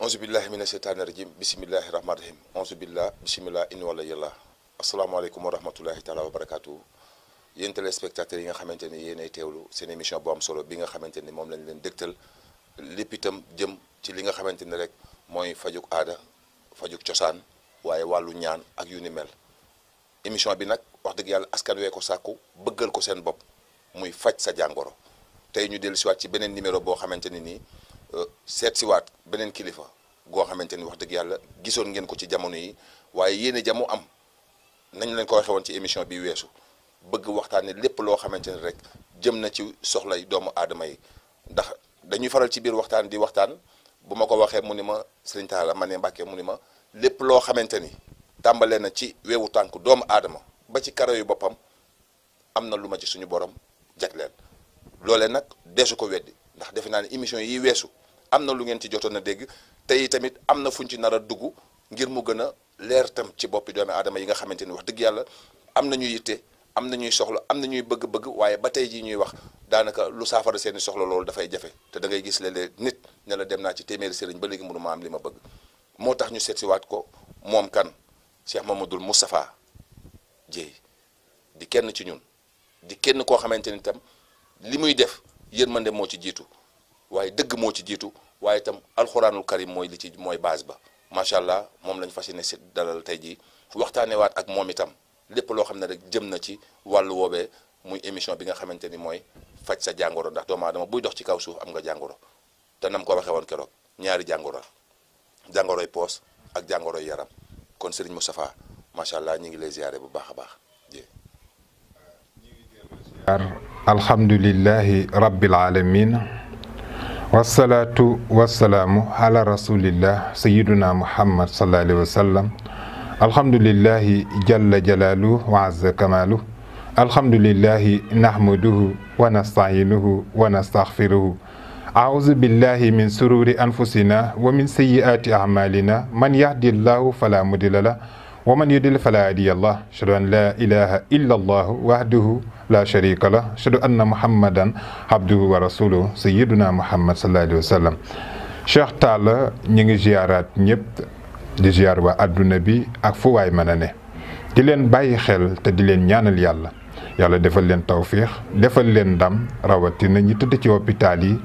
onze billahi mina seytaani rajim bisimillahi rahmani rahim onze billah bisimillah in wala yàlla asalaamaaleykum wa rahmatullahi taala wa barakaatu yéen yi nga xamante ni yéenay teewlu seen émission boo am solo bi nga xamante ni moom lañ leen dëgtal lépp itam jëm ci li nga xamante ni rek mooy fajuk aada fajuk cosaan waaye wàllu ñaan ak yu ni mel émission bi nag wax dëgg yàlla askan wee ko sàkku bëggal ko seen bopp muy faj sa jàngoro tey ñu dellu siwaat ci beneen numéro boo xamante ni nii seet beneen kilifa goo xamante ni wax dëgg yàlla gisoon ngeen ko ci jamono yi waaye yéene jamu am nañ leen ko waxee woon ci émission bi weesu bëgg waxtaane lépp loo xamante ni rek jëm na ci soxlay doomu aadama yi ndax dañuy faral ci biir waxtaan di waxtaan bu ma ko waxee mu ni ma sëriñ ma ne Mbàkke mu ni ma lépp loo xamante ni tàmbalee na ci weewu tànk doomu aadama ba ci karaw yu boppam am na lu ma ci suñu borom jagleel loolee nag deesu ko weddi ndax defe naa ne émission yi weesu am na lu ngeen ci jotoon na dégg tey tamit am na fu ñu ci nar a dugg ngir mu gën a leer tam ci boppi doomi aadama yi nga xamante ni wax dëgg yàlla am na ñuy yitte am na ñuy soxla am na ñuy bëgg-bëgg waaye ba tey jii ñuy wax daanaka lu saafara seeni soxla loolu dafay jafe te dangay gis léeg nit ne la dem naa ci téeméeri sëriñ ba léegi mënu ma am li ma bëgg moo tax ñu seetsiwaat ko moom kan Cheikh Mamadou mustafa Dieye di kenn ci ñun di kenn koo xamante ni tam li muy def yërmande moo ci jiitu waaye dëgg moo ci jiitu waaye itam alxuraanul karim mooy li ci mooy base ba macha allah moom lañ fas yéene si dalal tey jii waat ak moom itam lépp loo xam ne rek jëm na ci wàllu woobee muy émission bi nga xamante ni mooy faj sa jàngoro ndax doomu aadama buy dox ci kaw suuf am nga jàngoro te nam ko waxee woon keroog ñaari jàngoro jàngoroy poos ak jàngoroy yaram kon Serigne Moustapha macha allah ñu ngi lay ziare bu baax a baax jërëjëf. alhamdulilahi rabbil alamin wasalaatu wasalaamu ala rasulillah sayiduna muhammad sallallahu alayhi wa sallam alhamdulillahi jalla jalaaluhu wa azza kamaaluhu alhamdulillahi nahmaduhu wa nasta'iinuhu wa nastaghfiruhu a'uuzu billahi min sururi anfusina wa min sayyi'aati a'maalina man yahdillahu fala mudilla lahu ومن يدل فلا هادي الله أشهد أن لا إله إلا الله وحده لا شريك له أشهد أن محمدا عبده ورسوله سيدنا محمد صلى الله عليه وسلم Cheikh Talla ñi ngi ziaraat ñëpp di ziar waa àdduna bi ak fu waay mën a ne di leen bàyyi xel te di leen ñaanal yàlla yàlla defal leen tawféex defal leen ndam rawatina ñi tëdd ci hôpital yi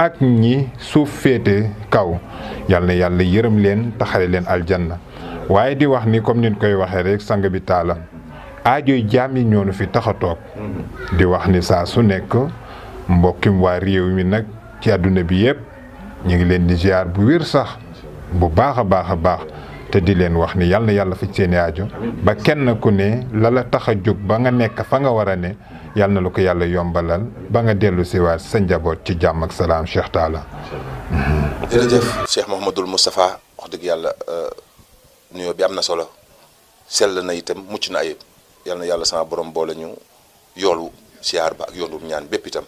ak ñi suuf féete kaw yàlla na yàlla yërëm leen te xare leen aljanna waaye di wax ni comme ni koy waxee rek sang bi taala aajoy jaam yi ñoonu fi tax a toog mhm. di wax ni saa su nekk mbokkim waa réew mi nag ci àdduna bi yëpp ñu ngi leen di ziar bu wér sax bu baax a baax a baax te di leen wax ni yàlla na yàlla faj seeni aajo ba kenn ku ne la la tax a jóg ba nga nekk fa nga war a ne yàlla na lu ko yàlla yombalal ba nga dellu si waat sa njaboot ci jàmm ak salaam Cheikh Talla. jërëjëf wax dëgg yàlla. Euh, nuyoo bi am na solo sell na itam mucc na ayib yal yàlla sama borom boole ñu yoolu siyaar ba ak yoonu ñaan bépp itam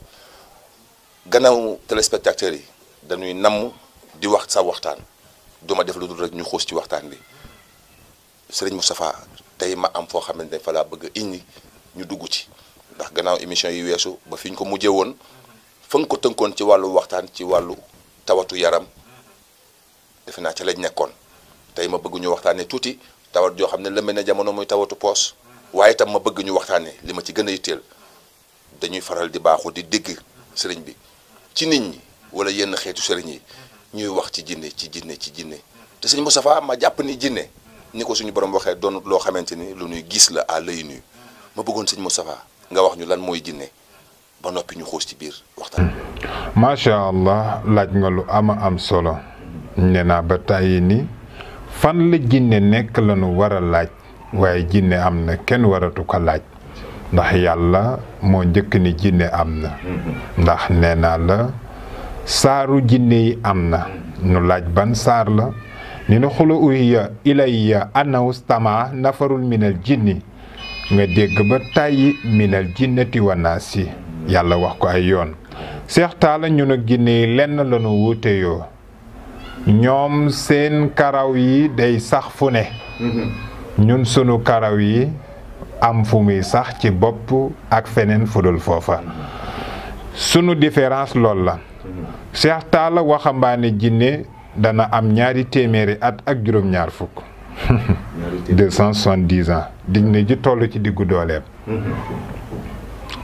gannaaw téléspectateurs yi dañuy namm di wax sa waxtaan duma def lu dul rek ñu xuus ci waxtaan bi sëriñ Moustapha tey ma am foo xam ne fa laa bëgg a indi ñu dugg ci ndax gannaaw émission yi weesu ba fi ñu ko mujjee woon fa ko tënkoon ci wàllu waxtaan ci wàllu tawatu yaram defe naa ca lañ nekkoon. tey ma bëgg ñu waxtaanee tuuti tawat joo xam ne lëmbe ne jamono muy tawatu poos waaye itam ma bëgg ñu waxtaanee li ma ci gën a yitteel dañuy faral di baaxu di dégg sëriñ bi ci nit ñi wala yenn xeetu sëriñ yi ñuy wax ci jinne ci jinne ci jinne te sëñ Moustapha ma jàpp ni jinne ni ko suñu borom waxee doon loo xamante ni lu ñuy gis la àll yi nu ma bëggoon sëñ Moustapha nga wax ñu lan mooy jinne ba noppi ñu xuus ci biir waxtaan. macha allah laaj nga lu ama am solo nee naa ba fan la jinne nekk lañu war a laaj waaye jinne am na kenn waratu ko laaj ndax yàlla moo njëkk ni jinne am na ndax nee naa la saaru jinne yi am na nu laaj ban saar la ni na xula uhiya ilayya anawstama nafarul minal jinni nga dégg ba tàyyi minal jinnati wanaas yàlla wax ko ay yoon seextaa la ñu ne jinne yi lenn lañu wuute ñoom seen karaw yi day sax fu ne mm-hmm. ñun sunu karaw yi am fu muy sax ci bopp ak feneen fudul foofa mm-hmm. sunu différence lool la mm-hmm. Cheikh Talla waxambaane jinne dana am ñaari téeméeri at ak juróom-ñaar fukk deux cent soixante-dix ans jinne ji toll ci diggu dooleem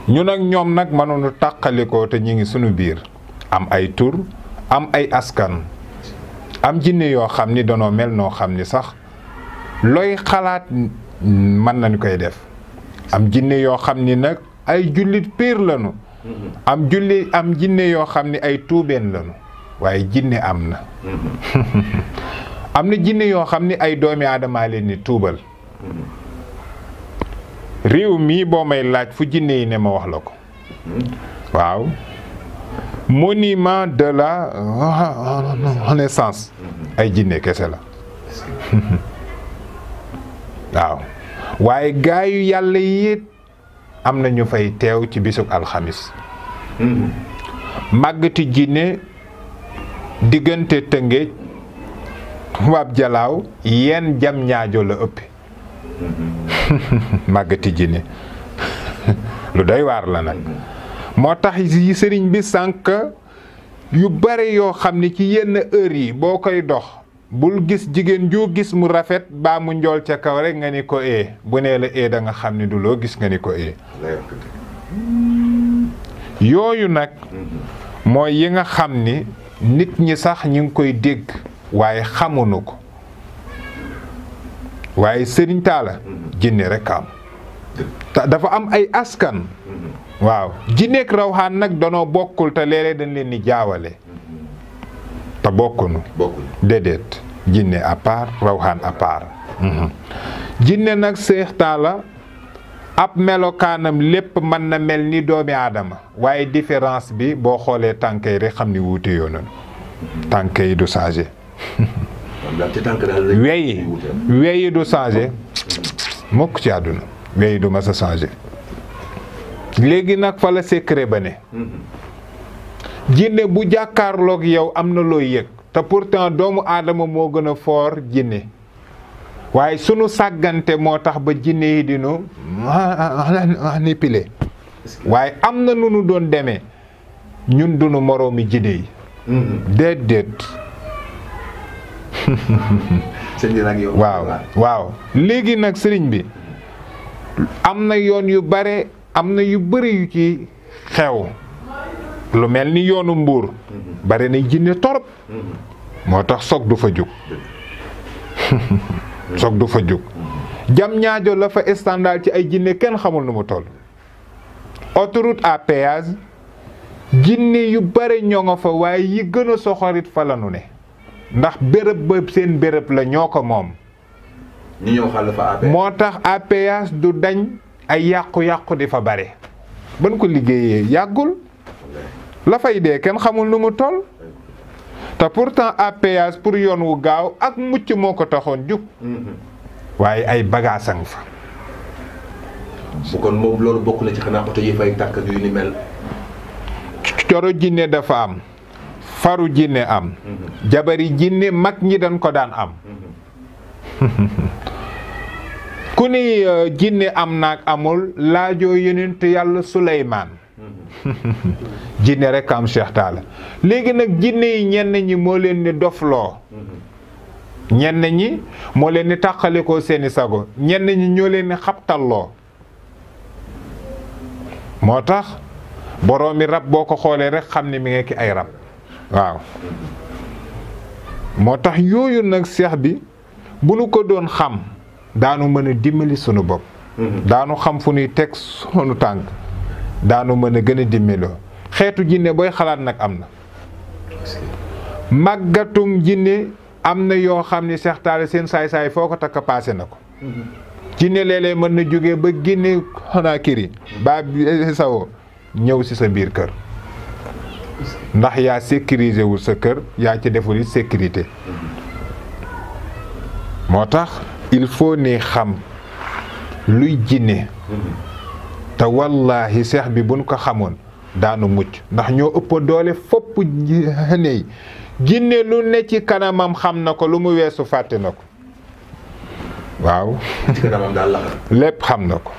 ñun ak ñoom nag mënoonu tàqalikoo te ñu ngi sunu biir am ay tur am ay askan am jinne yoo xam ni danoo mel noo xam ni sax looy xalaat mën nañ koy def am jinne yoo xam ni nag ay jullit piir lañu am julli am jinne yoo xam ni ay tuubeen lañu waaye jinne am na am na jinne yoo xam ni ay doomi aadamaa leen ni tuubal réew mii boo may laaj fu jinne yi ne ma wax la ko waaw monument de la renaissance ay jinne kese la waaw waaye gaa yàlla yit am na ñu fay teew ci bisub alxamis màggati jinne diggante tëngéej tubaab jalaaw yenn jam ñaajo la ëpp màggati jinne lu doy waar la nag moo tax yi sëriñ bi sànq yu bare yoo xam ni ci yenn heure yi boo koy dox bul gis jigéen joo gis mu rafet baa mu njool ca kaw rek nga ni ko ee eh, bu nee la ee eh, da xam ni du loo gis nga ni ko ee eh. yooyu nag mooy yi nga xam ni nit ñi sax ñu ngi koy dégg waaye xamuñu ko waaye sëriñ taala mm-hmm. jinne rek am dafa am ay askan waaw jinne ak rawxaan nag danoo bokkul te léeg-léeg dañ leen di jaawale te bokkunu déedéet jinne à part rawxaan à part mhm. jinne nag seex taala ab melokaanam lépp mën na mel ni doomi aadama waaye différence bi boo xoolee tànk yi rek xam ni wuute yoo noonu tànk yi du changé weyi weyi du changé mukk ci àdduna weyi du mas a changé léegi nag fa la secret ba ne jinne bu jàkkaarloog yow am na loo yëg te pourtant doomu aadama moo gën a foor jinne waaye sunu sàggante moo tax ba jinne yi dinu waaye am na lu nu doon demee ñun dunu moroomi jinne yi déedéet waaw waaw léegi nag sëriñ bi am na yoon yu bare am na yu bëri yu ci xew lu mel ni yoonu mbuur bari na jinne torop moo tax soog du fa jóg soog du fa jóg jam ñaajo la fa standard ci ay jinne kenn xamul nu mu toll autoroute à péage yu bare ñoo nga fa waaye yi gën a soxorit fa la ne ndax béréb ba seen béréb la ñoo ko moom moo tax à du dañ ay yàqu-yàqu di fa bare ban ko liggéeyee yàggul lafay de kenn xamul nu mu toll te pourtant à péage pour yoon wu gaaw ak mucc moo ko taxoon jub mm-hmm. waaye ay bagages a fa. su kon moom loolu bokk na ci xanaa oto yi fay tàkk yu ni mel. coro jinne dafa am faru jinne am. Mm-hmm. jabari jinne mag ñi dañ ko daan am. Mm-hmm. ku ni euh, jinne am naag amul laajoo yonent yàlla Suleymaan jinne rek am Cheikh Talla léegi nag jinne yi ñenn ñi moo leen ni dofloo ñenn ñi moo leen ni tàqalikoo seeni sago ñenn ñi ñoo leen ni xabtalloo moo tax boroomi rab boo ko xoolee rek xam ni mi ngi ki ay rab waaw moo tax yooyu nag seex bi bu nu ko doon xam daanu mën a dimbali sunu bopp. Mhm. daanu xam fu ñuy teg sunu tànk daanu mën a gën a dimbaloo xeetu jinné booy xalaat nag am na. màggatum jinné am na yoo xam ne Seex Taal seen saay-saay foo ko takk paase na ko. Mhm. jinne léeg-léeg mën na jóge ba Guinée Conakry ba Bissau ñëw si sa biir kër. ndax yaa sécuriser wul sa kër yaa ci deful sécurité mhm. moo tax. il faut ne xam luy jinne te wallaahi seex bi buñ ko xamoon daanu mucc ndax ñoo ëpp doole fopp ney jinne lu ne ci kanamam xam na ko lu mu weesu fàtte na ko waaw lépp xam na ko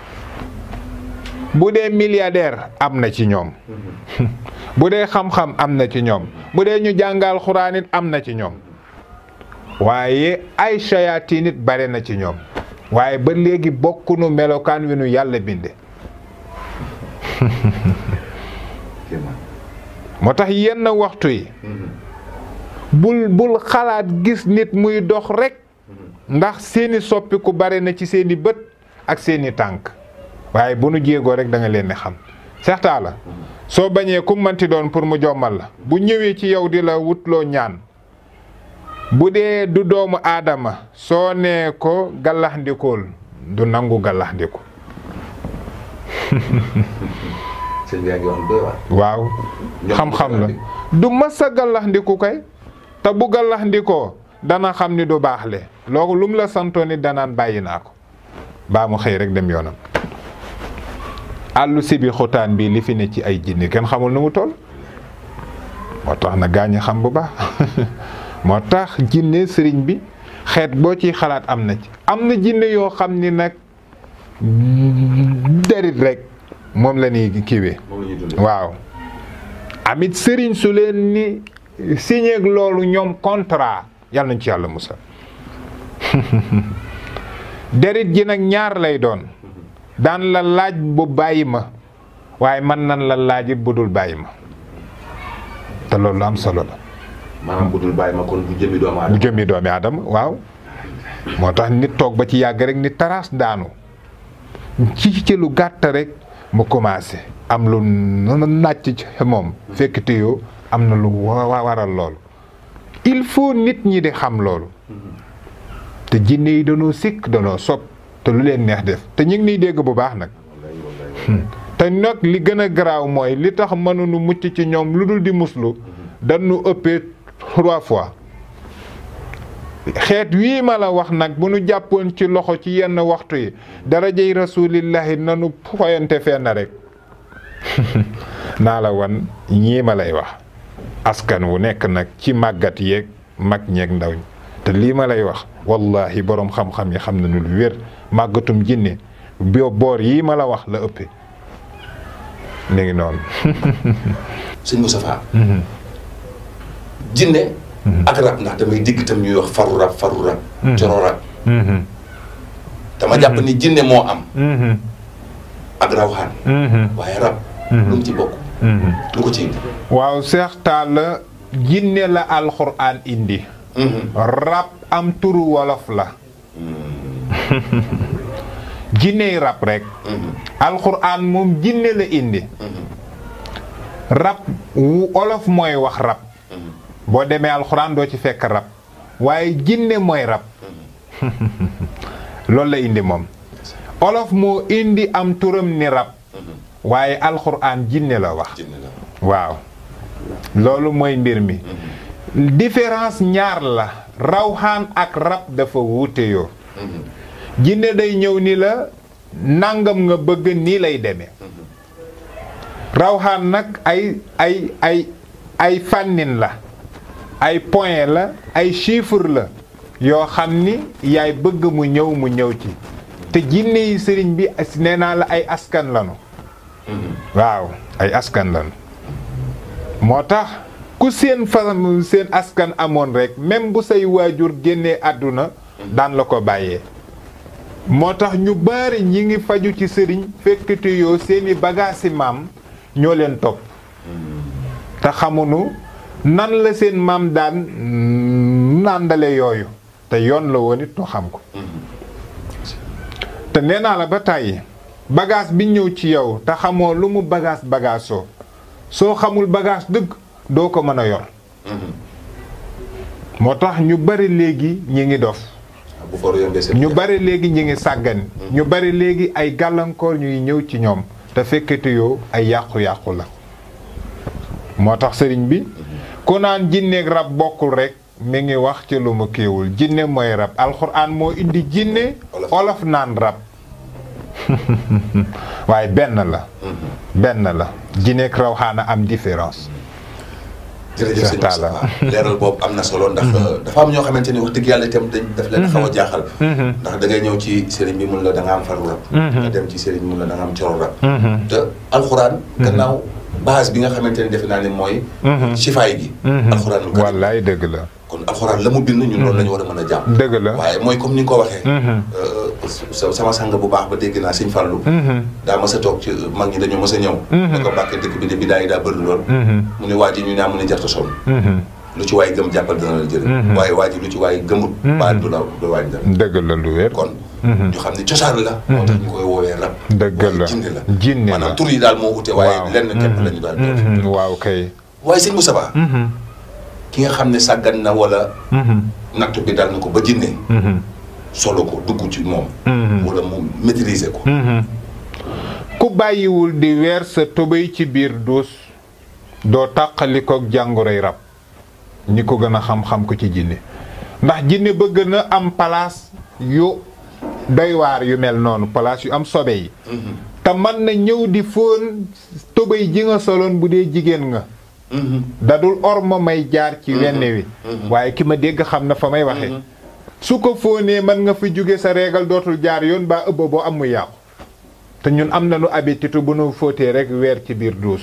bu dee milliardaire am na ci ñoom mhm. bu dee xam-xam am na ci ñoom bu dee ñu jàngal xuraan am na ci ñoom waaye ay shayatin nit bare na ci ñoom waaye ba léegi bokkunu melokaan wi nu yàlla binde moo tax yenn waxtu yi bul bul xalaat gis nit muy dox rekk ndax seeni soppiku bare na ci seeni bët ak seeni tànk waaye bu nu jéegoo rekk da leen di xam seextaa la soo bañee ku manti doon pour mu jommal la bu ñëwee ci yow di la wutloo ñaan bu dee du doomu aadama soo nee ko gàllaxndikool du nangu gàllaxndiku waaw xam-xam la du masa gàllaxndiku kay te bu gallaxndikoo dana xam ni du baax le loolu lu mu la santoo ni danaan bàyyi naa ko baa mu xëy rek dem yoonam àllu si bi xutaan bi li fi ne ci ay jinni kenn xamul nu mu moo tax na gaañi xam bu baax moo tax jinne sëriñ bi xeet boo ci xalaat am na ci am na jinne yoo xam ni nag derit rek moom la ñuy kiiwee waaw amit sëriñ su leen ni signé ak loolu ñoom contrat yàlla nañ ci yàlla musal derit ji nag ñaar lay doon daan la laaj bu bàyyi ma waaye man nan la laaj bu dul bàyyi ma te loolu am solo la bu ma kon bu jëmmi doomu aadama bu jëmmi doomu aadama waaw. moo tax nit toog ba ci yàgg rek ni taraas daanu ci ci lu gàtt rek mu commencé am lu nàcc ci moom fekk te yoo am na lu waral loolu il faut nit ñi di xam loolu te jinne yi danoo sikk danoo sob te lu leen neex def te ñu ngi niy dégg bu baax nag hmm. te nag li gën a garaaw mooy li tax mënuñu mucc ci ñoom lu dul di muslu hmm. dañu ëppee trois fois xeet wii ma la wax nag bu nu jàppoon ci loxo ci yenn waxtu yi darajey rasulillahi nanu foyante fenn rekk naa la wan ñii ma lay wax askan wu nekk nag ci màggat yeeg mag ñeeg ndaw ñi te lii ma lay wax wallahi boroom xam-xam yi xam nañu lu wér màggatum jinne bo boor yii ma la wax la ëppee ni ngi noonu sëñ Moustapha mm-hmm. jinne mhm. ak rab ndax damay dégg itam ñuy wax faru rab faru rab mhm. coro rab mhm. dama jàpp ni jinne moo am ak rawxaan waaye rab lu mu ci bokk lu ko ci indi waaw Seex Talla jinne la alxuraan indi rab am turu wolof la jinney rab rek alxuraan moom jinne la indi rab olof mooy wax rab boo demee alxuraan doo ci fekk rab waaye jinne mooy rab loolu la indi moom olof moo indi am turam ni rab waaye alxuraan jinne la wax waaw loolu mooy mbir mi différence ñaar la rawxaan ak rab dafa wuute yoo jinne day ñëw ni la nangam nga bëgg nii lay deme rawxaan nag ay ay ay ay fànnin la ay point la ay chiffre la yoo xam ni yaay bëgg mu ñëw mu ñëw ci te jinne yi sëriñ bi nee naa la ay askan lanu mm-hmm. waaw ay askan lanu moo tax ku seen faram seen askan amoon rekk même bu say waajur génnee àdduna mm-hmm. daan la ko bàyyee moo tax ñu bari ñi ngi faju ci sëriñ fekkte yoo seeni bagaasi maam ñoo leen topp mm-hmm. te xamunu nan la seen maam daan mm, nàndale yooyu te yoon la woon it xam ko te nee naa la ba tàyyi bagage bi ñëw ci yow te xamoo lu mu bagaas bagage soo xamul bagaas dëgg doo ko mën a yor moo tax ñu bari léegi ñi ngi dof ñu bari léegi ñi ngi sàggan mm-hmm. ñu bari léegi ay gàllankoor ñuy ñëw ci ñoom te fekkete yoo ay yàqu-yàqu la moo tax sëriñ bi mm-hmm. ku naan jinneeg rab bokkul rekk mi ngi wax ci lu mu kéewul jinne mooy rab alxuraan moo indi jinne olof naan rab waaye benn la mhm. benn la jinneeg raw xaana am différence jërëjëf sëñ Talla leeral boobu am na solo ndax mm-hmm. dafa am ñoo xamante ni wax dëgg yàlla itam dañ daf leen xaw a mm-hmm. jaaxal mm-hmm. ndax da ngay ñëw ci sëriñ bi mun la da am faru rab bi mun da nga am coro rab te alxuraan gannaaw base bi nga xamante ni defe naa ne mooy sifaay gi alxuraan wallaay dëgg la kon alxuraan la mu bind ñun loolu la war a mën a jàpp dëgg la waaye mooy comme ni nga ko waxee euh, sama sang bu baax ba dégg naa sëñ Fallou mhm. daa mas a toog ci mag ñi dañoo mas a ñëw da mhm. ko bàkkee dëkk bi de bi daa yi daa bëri lool mhm. mu ne waa ji ñu naa mu ne jarta sonn lu ci waay gëm jàppal dana la jëriñ waaye waa ji lu ci waay gëmut ba du la du waay dara dëgg la lu wér kon ñu xam ne cosaan la moo tax ñu koy woowee rab dëgg la jinne la jinne la tur yi daal moo ute waaye lenn képp la ñu daal waaw kay waaye sëñ Moussa Ba ki xam ne sàggan na wala nattu solo ko mhm. mhm. ku bàyyiwul di weer sa tobéy ci biir duus doo tàqalikook jàngoroy rab ni ko gën a xam-xam ko ci jinne ndax jinne ba gën am palaas yu doy yu mel noonu palaas yu am sobe yi mhm. te mën na ñëw di fóon tobéy ji nga soloon bu dee jigéen nga dadul orma may jaar ci wenn wi waaye ki ma dégg xam na fa may waxe su ko fóonee mën nga fi jóge sa régal dootul jaar yoon baa ëbba boo am mu yàqu te ñun am na nu habitude bu nu fóotee rek weer ci biir duus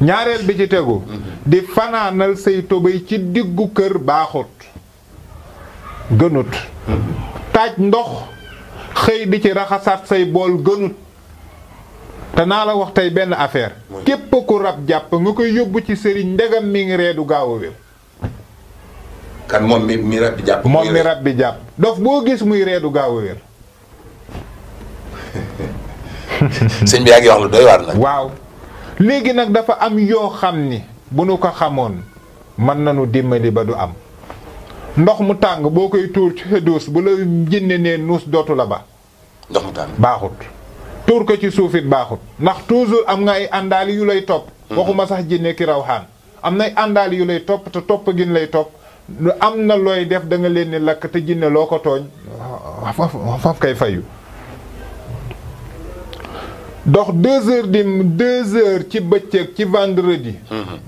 ñaareel bi ci tegu di fanaanal say tobay ci diggu kër baaxut gënut taaj ndox xëy di ci raxasaat say bool gënut te naa la wax tey benn affaire képp ku rab jàpp nga koy yóbbu ci sëriñ ndegam mi ngi reedu gaaw a wér moom mi mi rab bi jàpp. moom mi rab bi jàpp dof boo gis muy reedu gaaw a wér. sëñ bi waaw léegi nag dafa am yoo xam ni bu nu ko xamoon mën nañu dimmali ba du am ndox mu tàng boo koy tuur ci duus bu la jënne nuus dootu la ba. ndox mu tàng baaxut. ko ci suuf it ndax toujours am nga ay àndaali yu lay topp. Mm-hmm. waxuma sax jinne ki rawxaan am nay àndaali yu lay topp te topp gin lay topp. lu am na looy def da leen ni lakk te jinne loo ko tooñ faf kay fayu dox deux di deux heures ci bëccëg ci vendredi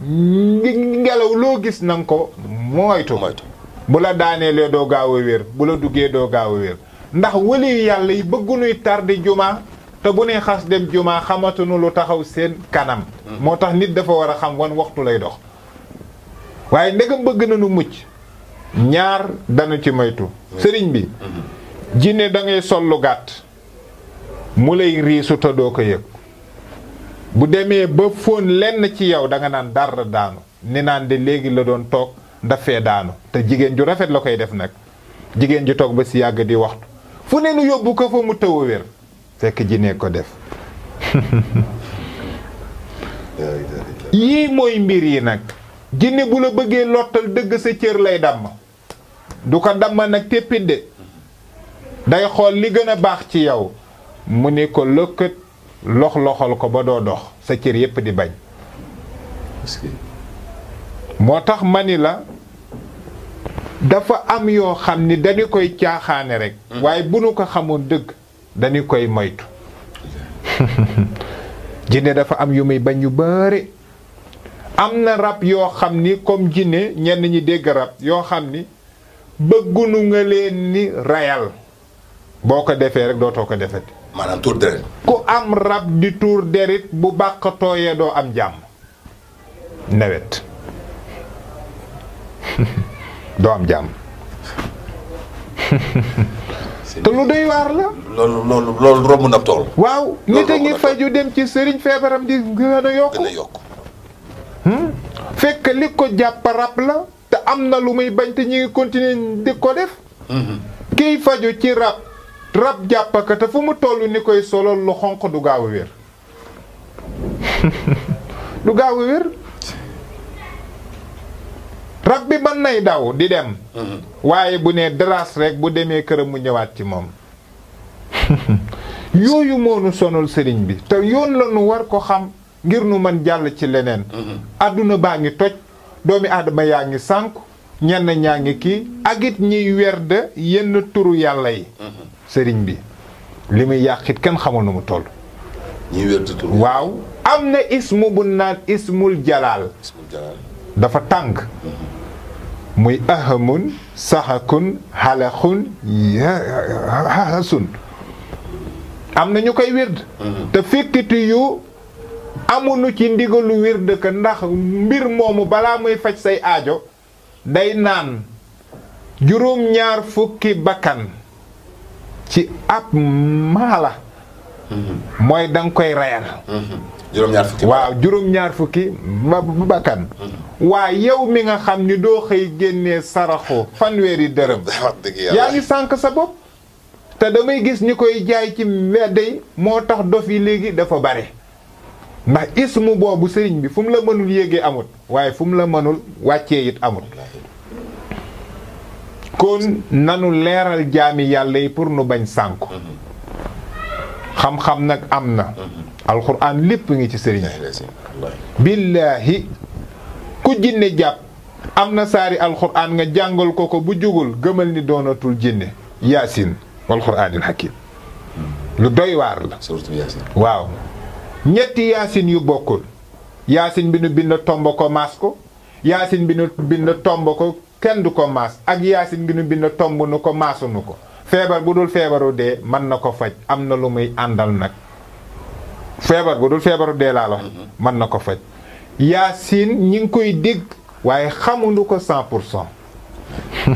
ngelaw loo gis na ko moytu bu la daaneelee doo gaaw a wér bu la duggee doo gaaw a wér ndax wali yàlla yi bëggunuy tardi jumaa te bu ne xas dem jumaa xamatunu lu taxaw seen kanam hmm. moo tax nit dafa war a xam wan waxtu lay dox waaye ndegam bëgg nu mucc ñaar dana ci moytu sëriñ bi jinne dangay sollu sol gàtt mu lay riisu doo ko yëg bu demee ba fóon lenn ci yow danga naan dara daanu ni naan de léegi la doon toog dafee daanu te jigéen ju rafet la koy def nag jigéen ju toog ba si yàgg di waxtu fu ne nu yóbbu ko fa mu tëw a wér fekk jinne ko def yii mooy mbir yi nag jinne bu la bëggee lottal dëgg sa cër lay damm du ko damm nag téppit day xool li gën a baax ci yow mu ne ko lëkkët lox loxal ko ba doo dox sa cër yépp di bañ moo tax mani la dafa am yoo xam ni dañu koy caaxaane rekk mm. waaye bu nu ko xamoon dëgg dañu koy moytu jinne dafa am yu muy bañ yu bare am na rab yoo xam ni comme jinne ñenn ñi dégg rab yoo xam ni bëggunu nga leen ni rayal boo ko defee rek dootoo ko defet maanaam tuur deret ku am rab di tuur deret bu bàqatooyee doo am jàmm nawet doo am jàmm te lu doy waar la. loolu loolu loolu na tool. waaw nit a ngi faju dem ci sëriñ feebaram di gën a yokku fekk li ko jàpp rab la te am na lu muy bañ te ñu ngi di ko def mm-hmm. kiy faju ci rab rab jàpp fu mu toll ni koy solol lu xonq du gaaw wér du gaaw wér rab bi mën nay daw di dem mm-hmm. waaye bu nee daraas rek bu demee këram mu ñëwaat ci moom yooyu moo nu sëriñ bi te yoon la nu war ko xam ngir nu man jàll ci leneen àdduna mhm. baa ngi toj doomi aadama yaa ngi sànku ñenn ñaa ngi kii ak it ñiy werd yenn turu yàlla yi mhm. sëriñ bi li muy yàqit kenn xamul nu mu toll waaw am na ismu bu naan ismul jalaal dafa tàng mhm. muy ahamun saxakun xalaxun hahasun am na ñu koy werd te fekkitu amuñu ci ndigalu wird ka ndax mbir moomu balaa mooy faj say ajo day naan juróom-ñaar fukki bakkan ci ab maala mhm. mooy da koy reyal mhm. juróom fukki waaw juróom-ñaar fukki bakkan mhm. waa yow mi nga xam ni doo xëy génnee saraxu fanweeri dërëm yaa ngi sànq sa bopp te damay gis ni koy jaay ci mbedd moo tax dof yi léegi dafa bare ndax ismu boobu sëriñ bi fu mu la mënul yéegee amut waaye fu mu la mënul wàccee it amut kon nanu leeral jaami yàlla yi pour nu bañ sànku xam-xam nag am na alxuraan lépp ngi ci sëriñ billaahi ku jinne jàpp am na saari alxuraan nga jàngal ko ko bu jógul gëmal ni doonatul jinne yaasin walxuraanil hakiim lu doy waar la waaw ñetti yaasin yu bokkul yaasin bi nu bind tomb ko maas ko yaasin bi nu bind tomb ko kenn du ko maas ak yaasin bi nu bind tomb nu ko maasunu ko feebar bu dul feebaru dee mën na ko faj am na lu muy àndal nag feebar bu dul feebaru dee laa la mhm. mën na ko faj yaasin ñi ngi koy dégg waaye xamuñu ko cent pour cent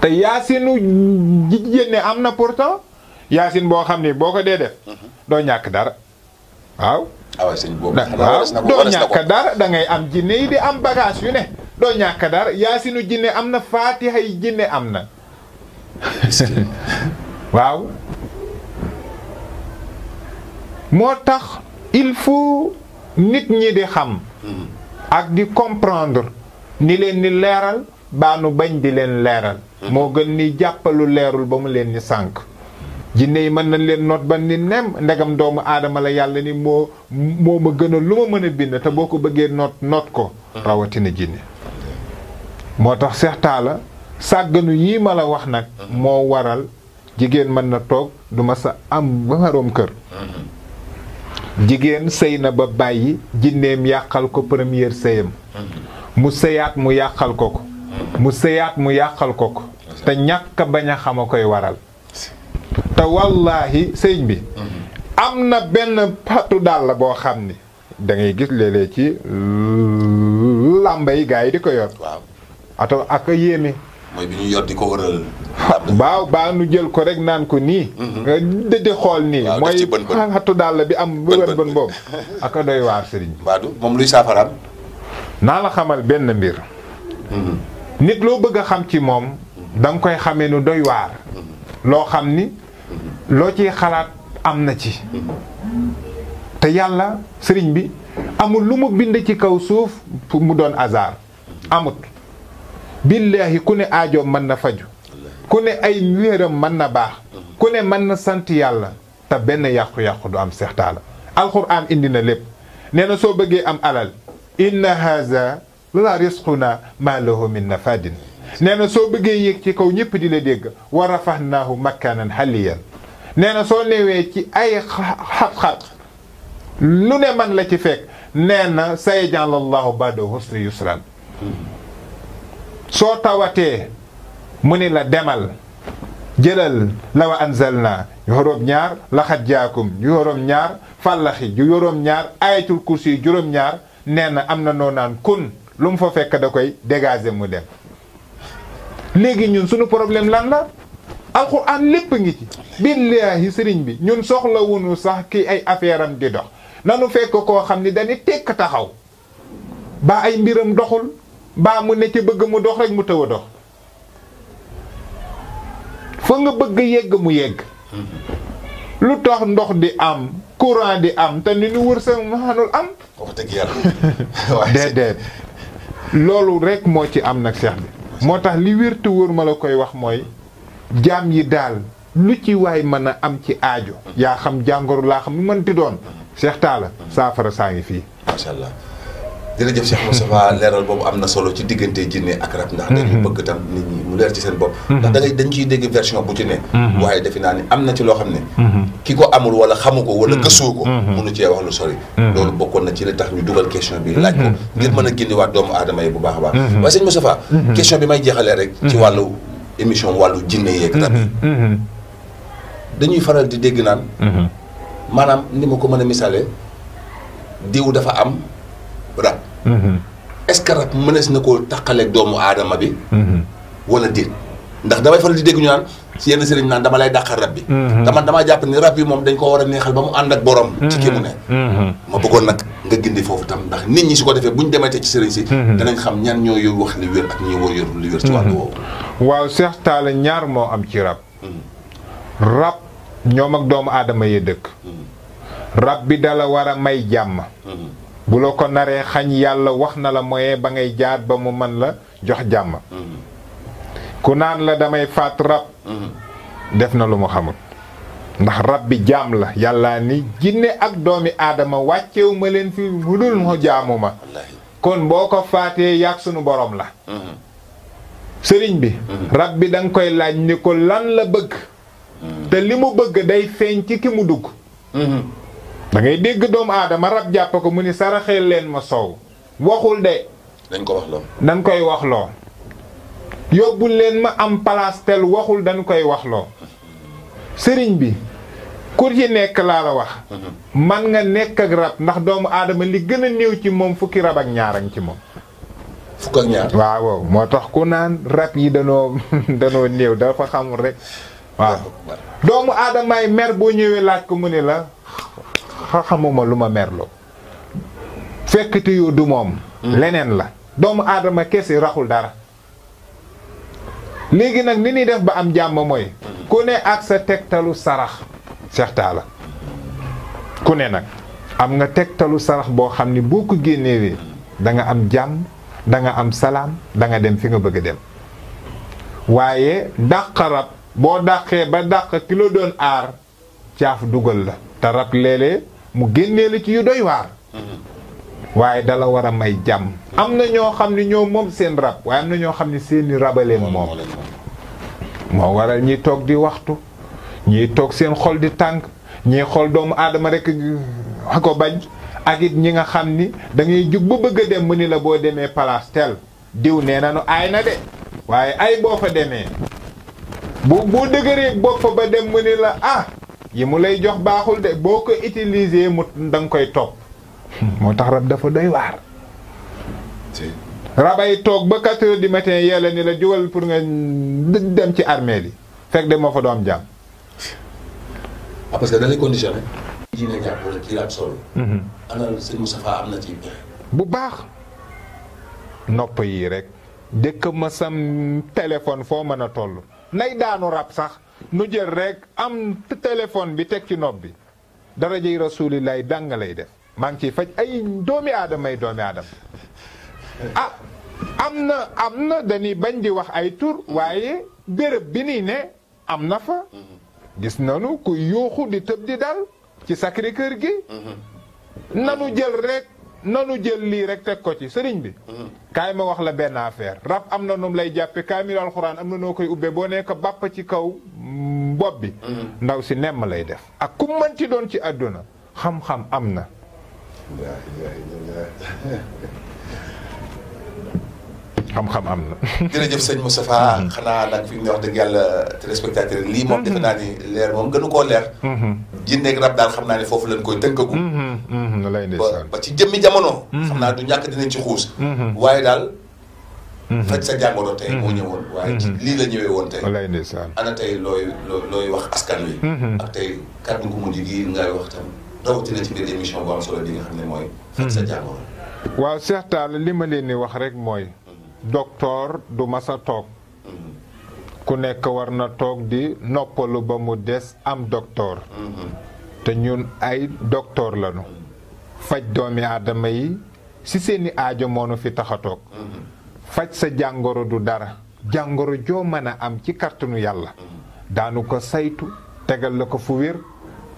te yaasinu jigéen ne am na pourtant yaasin boo xam ni boo ko dee def. Mhm. doo ñàkk dara waaw. Ah waaw sëñ boobu doo ñàkk dara da am jinne yi di am bagaas yi ne doo ñàkk dara yaasinu jinne am na faatiha yi jinne am na. waaw. moo tax il faut nit ñi di xam. Mhm. ak di comprendre ni leen ni leeral baanu bañ di leen leeral. Mhm. moo gën ni jàppalu leerul ba mu leen ni sànk. jinne yi mën nañ leen noot ba ni nem ndegam doomu aadama la yàlla ni moo moo ma gën a lu ma mën a bind te boo ko bëggee noot noot ko rawatina jinne moo tax Seex Taala sàgganu yii ma la wax nag moo waral jigéen mën na toog du ma sa am ba kër jigéen sëy na ba bàyyi jinneem yàqal ko première sëyam mu séyaat mu yàqal ko ko mu sëyaat mu yàqal ko ko te ñàkk bañ a xam a koy waral te wallaahi sëñ bi. am na benn patu dàll la boo xam ni dangay ngay gis léeg ci làmba yi gars yi di ko yor. waaw ato ak a yéeme. mooy baa nu jël ko rek naan ko nii. dëddi mhm. xool nii. mooy patu dàll bi am. bën bën boobu ak a doy waar sëriñ bi. moom luy saafaraam. naa la xamal benn mbir. Mhm. nit loo bëgg a xam ci moom. Mhm. da koy xamee nu doy waar. loo xam ni. loo ciy xalaat am na ci te yàlla sëriñ bi amul lu mu bind ci kaw suuf mu doon hasard amut billaahi ku ne aajoom mën na faju ku ne ay wéeram mën na baax ku ne mën na sant yàlla te benn yàqu-yàqu du am seextaala alxuraan indi na lépp nee na soo bëggee am alal inna haza la risquna ma lahu min nafadin nee na soo bëggee yéeg ci kaw ñëpp di la dégg wa rafahnaahu makkaanan xaliyan nee na soo newee ci ay xat-xat lu ne man la ci fekk nee na sayajal allahu ba'da husri soo tawatee mu ni la demal jëlal la wa anzalna juróom-ñaar laxat jaakum juróom-ñaar fàllaxi juróom-ñaar ayatul kursi juróom-ñaar nee na am na noo naan kun lu mu fa fekk da koy dégager mu dem léegi ñun suñu problème lan la alxuraan lépp ngi ci billaahi sëriñ bi ñun soxlawuñu sax ki ay affaire di dox nanu fekk koo xam ni dañuy tekk taxaw ba ay mbiram doxul ba mu ne ci bëgg mu dox rek mu tëw a dox fa nga bëgg yegg mu yegg lu tox ndox di am courant di am te ni ñu wërsëg mu am wax dëgg loolu rek moo ci am nag seex bi moo tax li wér te ma la koy wax mooy jaam yi daal lu ci waay mën a am ci aajo. yaa xam jàngoro laa xam lu mën ti doon. Cheikh Talla saafara saa ngi fii. macha allah jërëjëf Cheikh Moustapha leeral boobu am na solo ci diggante jinne ak rab ndax dañu mhm. bëgg tam nit ñi mu leer ci seen bopp. Mhm. ndax da ngay dañ ciy dégg version bu ci ne. Mhm. waaye defe naa ni am na ci loo xam ne. ki ko amul wala xamu ko wala gësoo ko. mënu cee wax lu sori. loolu bokkoon na ci li tax ñu dugal question bi laaj ko. ngir mën a génnewaat doomu aadama yi bu baax a waaye sëñ Moustapha. émission wàllu jinne yeeg rab mhm, mhm. dañuy faral di dégg naan mhm. maanaam ni ma ko mën a misaale diw dafa am rab est-ce que rab mënees na koo taqaleeg doomu aadama bi wala déet ndax damay faral di dégg ñu naan ci yenn sëriñ naan dama lay dàqal rab bi dama damaa jàpp ni rab yi moom dañ ko war a neexal ba mu ànd ak borom ci kii mu ne ma bëggoon nag nga gindi foofu tam ndax nit ñi su ko defee bu ñu dematee ci sëriñ si danañ xam ñan ñoo yor wax li wér ak ñi waaw Seex Taala ñaar moo am ci rab rab ñoom ak doomu aadama yi dëkk rab bi dala war a may jàmm bu la ko naree xañ yàlla wax na la moye ba ngay jaar ba mu mën la jox jàmm ku naan la damay faat rab def na lu mu xamul ndax rab bi jaam la yàlla ni jinne ak doomi aadama wàccewu ma leen fi mu dul mu jaamu ma kon boo ko faatee yàgg sunu boroom la mm-hmm. sëriñ bi mhm. rab bi danga koy laaj ni ko lan la bëgg mhm. te li mu bëgg day feeñ ci ki mu dugg mhm. da ngay dégg doomu aadama rab jàpp ko mu ni saraxeel leen ma soow waxul de dañ ko wax loo dañ koy waxloo yóbbu leen ma am palaas tel waxul dañ koy waxloo sëriñ bi ku ci nekk laa la wax man nga nekk ak rab ndax doomu aadama li gën a néew ci moom fukki rab ak ñaar ci moom fukk moo tax ku naan rab yi danoo néew dafa xamul rekk waaw doomu aadamaay mer boo ñëwee laaj ko mu ni la xamuma lu ma merloo fekkte yoo du moom mm. leneen la doomu aadama yi raxul dara léegi nag ni ñuy def ba am jàmm mooy ku ne ak sa tegtalu sarax Cheikh Talla ku ne nag am nga tegtalu sarax boo xam ni boo ko génnewee da nga am jàmm danga am salaam danga dem fi nga bëgg a dem waaye dàq rab boo dàqee ba dàq kilo doon aar caaf dugal la te rab léeg mu génnee la ci yu doy waar waaye dala war a may jàmm am na ñoo xam ne ñoo moom seen rab waaye am na ñoo xam ne seeni rabaleen moom moo waral ñiy toog di waxtu ñiy toog seen xol di tànk ñiy xol doomu aadama rek ah, ko bañ ak it ñi nga xam ni da jug ba bëgg a dem mu ni la boo demee palaas tel diw nee na nu aay na de waaye ay boo fa demee bu boo dëgëree bopp ba dem mu ni la ah yi mu lay jox baaxul de boo ko utiliser mu danga koy topp moo tax rab dafa doy waar rabay toog ba quatre di du matin yàlla ni la jugal pour nga dem ci armée li fekk de moo fa doom jàmm ah, parce que kii la jàppale mhm. bu baax nopp yi rek dëkk ma sam foo mën a toll nay daanu rab sax nu jël rekk am téléphone bi teg ci nopp bi dara jëy rasulillahi dàng lay def maa ngi ciy faj ay doomi aadamay ay doomi aadama ah am na am na dañuy bañ di wax ay tur waaye béréb bi nii ne am na fa mhm. gis nanu ku yuuxu di tëb di dal ci Sacré kër gi. nanu jël rekk nanu jël lii rek teg ko ci sëriñ bi. kaay ma wax la benn affaire rab am na noom lay jàppe kaamilu alxuraan am na noo koy ubbee boo nee nekk bàpp ci kaw bopp bi. ndaw si nemm lay def ak ku mënti doon ci àdduna xam-xam am na. xam-xam am na. jërëjëf sëñ Moustapha. Mm-hmm. xanaa nag fi mu ne wax dëgg yàlla téléspectateur lii moom mm-hmm. defe naa ni leer moom gënu koo leer. Mm-hmm. jinne ak rab daal xam naa ne foofu lañ koy tënkagu. lay ndeysaan la ñëwee woon tey. lay ndeysaan ana tey looy looy wax askan wi. ak tey kàddu gu mujj gii ngay wax tam rawatina ci biir émission bu am solo bi nga xam ne mooy. faj sa jàngoro. waaw Cheikh Tall li ma leen di wax rek mooy doktoor du masa toog ku nekk war na toog di noppalu ba mu des am doktoor te ñun ay doktoor lañu faj doomi aadama yi ci seeni aajo moonu fi tax a toog faj sa jàngoro du dara jàngoro joo mën a am ci kàttanu yàlla daanu ko saytu tegal la ko fu wér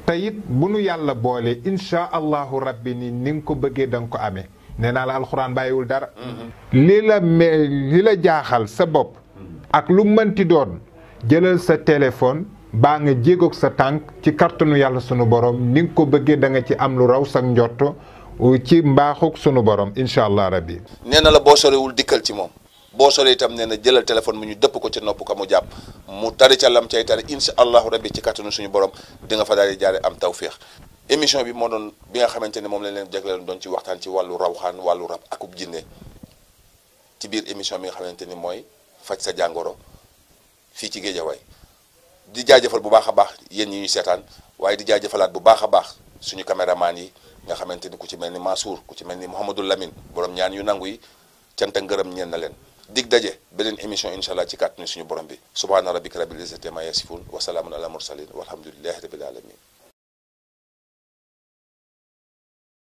te it bu nu yàlla boole insha allahu rabbi ni ni nga ko bëggee danga ko ame nee naa la alxuraan bàyyiwul dara. Mm-hmm. lii la mais li la jaaxal sa bopp. Mm-hmm. ak lu mënti doon jëlal sa téléphone baa nga jéegoog sa tànk ci kàttanu yàlla sunu borom ni nga ko bëggee da nga ci am lu raw sa njotto ci mbaaxug sunu borom incha allah rabbi. nee na la boo sorewul dikkal ci moom. boo solee itam nee na jëlal téléphone mu ñu dëpp ko ci nopp ka mu jàpp mu tari ca lam cay tari incha allahu rabbi ci kattanu suñu borom di nga fa daal di jaare am tawféex émission bi moo doon bi nga xamante ne moom lañ leen jagleeloon doon ci waxtaan ci wàllu rawxaan wàllu rab akub jinne ci biir émission bi nga xamante ni mooy faj sa jàngoro fii ci Géejawaay di jaajëfal bu baax a baax yéen ñi ñuy seetaan waaye di jaajëfalaat bu baax a baax suñu caméraman yi nga xamante ni ku ci mel ni Mansour ku ci mel ni Mouhamadou Lamine borom ñaan yu nangu yi canta ngërëm ñeen na leen dig daje beneen émission incha allah ci kàttanu suñu borom bi subhaana rabbika rabbil